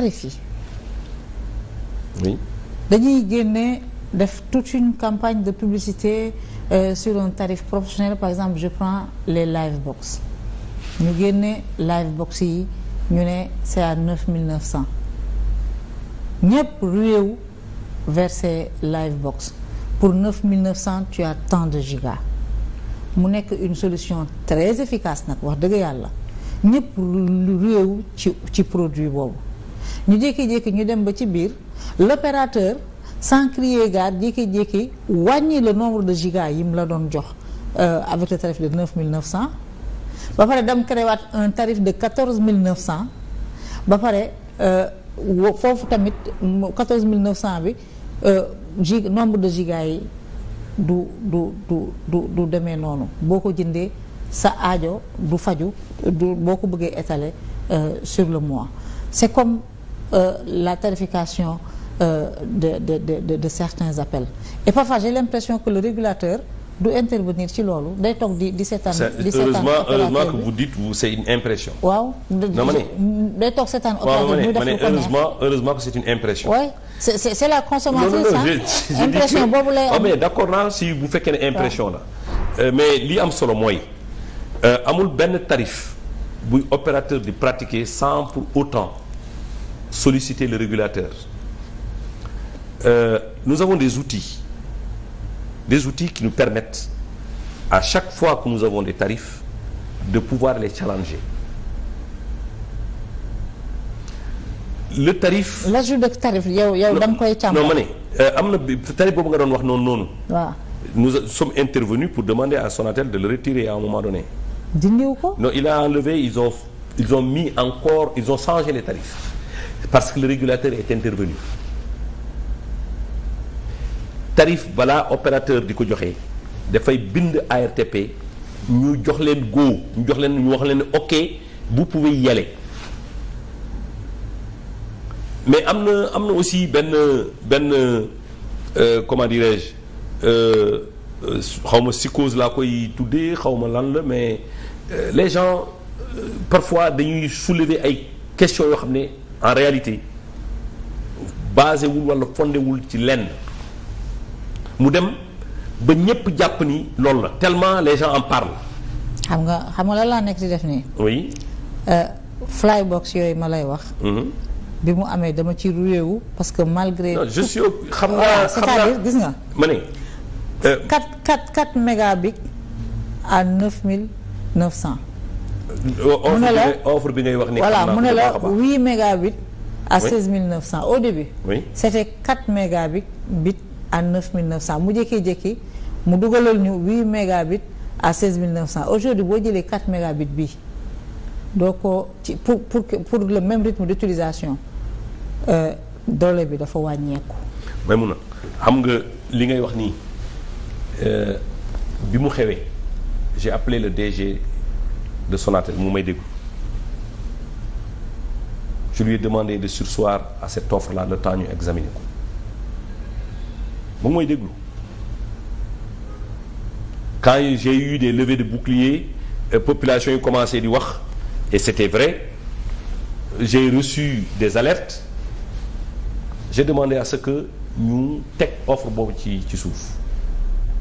tarif yi. dañuy génne def tout une campagne de publicité euh, sur un tarif professionnel par exemple je prends les live box ñu génne live box yi ñu ne c'est à neuf mille neuf cent ñëpp rueewu vers ces live box pour neuf mille neuf tu as tant de gigas mu nekk une solution très efficace nag wax dëgg yàlla ñëpp rueewu ci ci produit boobu ñu jékki-jékki ñu dem ba ci biir l'opérateur sans crier gare jékki-jékki wàññi le nombre de gigas yi mu la doon jox euh, avec le tarif de 9900 ba pare dem créwaat un tarif de 14900 ba pare euh, foofu tamit 14900 bi euh, gig nombre de jiga yi du du du du du demee noonu boo ko jëndee sa aajo du faju boo ko bëggee étaler sur le mois Euh, la tarification euh, de de de de certains appels et parfois j'ai l'impression que le régulateur du intervenir ci loolu day toog di di seetaan. di seetaan opérateur heureusement que vous dites vous c'est une impression. waaw day toog seetaan opérateur def lu ko heureusement heureusement que c'est une impression. oui c'est c'est c'est la consommation ça impression boobu lay oh, d'accord naa si bu fekkee ne impression la. Euh, mais li am solo mooy amul benn tarif buy opérateur di pratiquer sans pour autant. solliciter le régulateur euh, nous avons des outils des outils qui nous permettent à chaque fois que nous avons des tarifs de pouvoir les challenger le tarif l'ajout de tarif yow yow da nga koy càmbar non ma ne euh, am na tarif boobu nga doon wax noonu noonu waaw nous sommes intervenus pour demander à Sonatel de le retirer à un moment donné dindiw ko non il a enlevé ils ont ils ont mis encore ils ont changé les tarifs parce que le régulateur est intervenu tarif balaa opérateur di ko joxe dafay bind ARTP ñu jox leen go ñu jox leen ñu wax leen ok vous pouvez y mais am na am na aussi benn benn euh, comment dirais-je euh, xaw ma psychose laa koy tuddee xaw ma lan la mais euh, les gens euh, parfois dañuy soulever ay question yoo xam ne. en réalité basé wul wala fondé ci lenn mu dem ba ñépp jàpp ni loolu la tellement les gens en parlent. xam nga xam nga lan laa nekk di def nii. oui. Euh, flybox yooyu ma lay wax. Mhm. bi mu amee dama ci ruweewu parce que malgré. non je suis xam nga xam naa c'est-à-dire gis nga. ma ne. 4 4 4 mégabits à mu ne la bi ngay wax ni voilà mu ne la 8 mégabits à oui. 16 900 au début. oui c' était 4 mégabits bit à 9 900 mu jékki-jékki mu dugalal ñu 8 mégabits à 16 900 aujourd'hui boo jëlee 4 mégabits bii doo ko ci pour pour pour le même rythme d' utilisation euh, bi dafa wàññeeku. may mun a xam nga li ngay wax nii euh, bi mu xewee j'ai appelé le DG. de Sonatel mu may déglu je lui ai demandé de surseoir à cette offre là le temps ñu examiner ko mu may déglu quand j'ai eu des levées de boucliers euh, population yi commencé di wax et c'était vrai j'ai reçu des alertes j'ai demandé à ce que ñu teg offre boobu ci ci suuf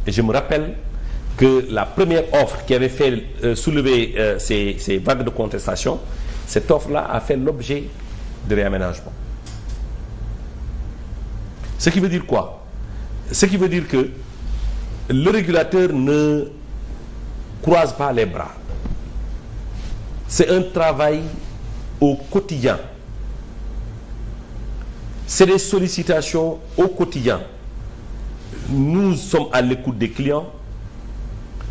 et je me rappelle que la première offre qui avait fait euh, soulever euh, ces, ces vagues de contestation, cette offre-là a fait l'objet de réaménagement. Ce qui veut dire quoi? Ce qui veut dire que le régulateur ne croise pas les bras. C'est un travail au quotidien. C'est des sollicitations au quotidien. Nous sommes à l'écoute des clients.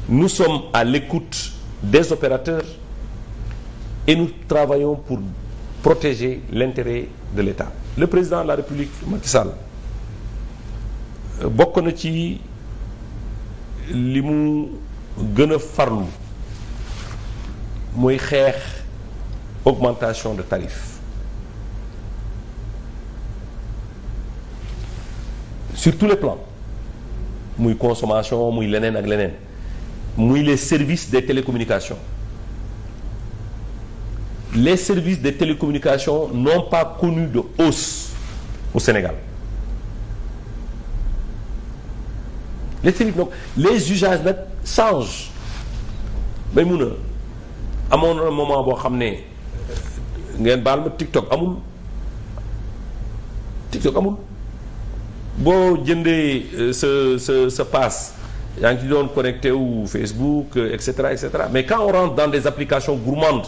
nous sommes à l'écoute des opérateurs et nous travaillons pour protéger l'intérêt de l'État le président de la République Macky Sall euh, bokk na ci li mu gën a farlu muy xeex augmentation de tarif sur tous les plans muy consommation muy leneen ak leneen muy les services des télécommunications les services de télécommunications n'ont pas connu de hausse au Sénégal les services donc les usages nag changent bay mun a amoon na moment boo xam ne ngeen baal ma TikTok amul TikTok amul boo jëndee euh, sa sa sa paas yaa ngi ci doon connecté wu Facebook euh, et cetera mais quand on rentre dans des applications gourmandes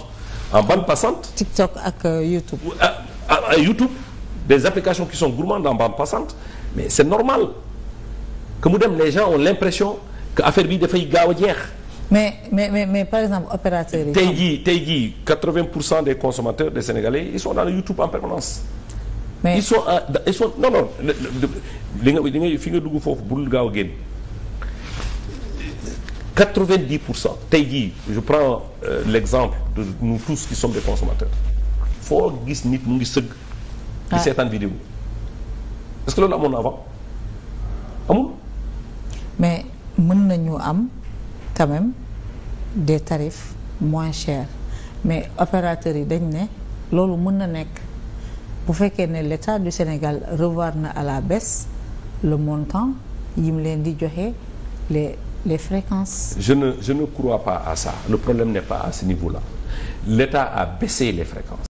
en ban passante. TikTok ak euh, YouTube. ay euh, YouTube des applications qui sont gourmandes en bande passante mais c'est normal que mu dem les gens ont l'impression que affaire bi dafay gaaw a jeex. mais mais mais mais par exemple opérateur yi. tey jii tey jii 80 pour cent des consommateurs de Sénégalais ils sont dans le YouTube en permanence. mais ils sont non non li nga li fi nga dugg foofu bul gaaw a génn. 90 pour cent tey jii je prends euh, l'exemple de nous tous qui sommes des consommateurs foo gis nit mu ngi sëgg di seetaan vidéo est-ce que loolu amoon avant amul mais mën nañu am quand même des tarifs moins chers mais opérateurs yi dañ ne loolu mën na nekk bu fekkee ne l'État du Sénégal revoir na à la baisse le montant yi mu leen di joxe les fréquences. Je ne je ne crois pas à ça le problème n'est pas à ce niveau-là l'État a baissé les fréquences.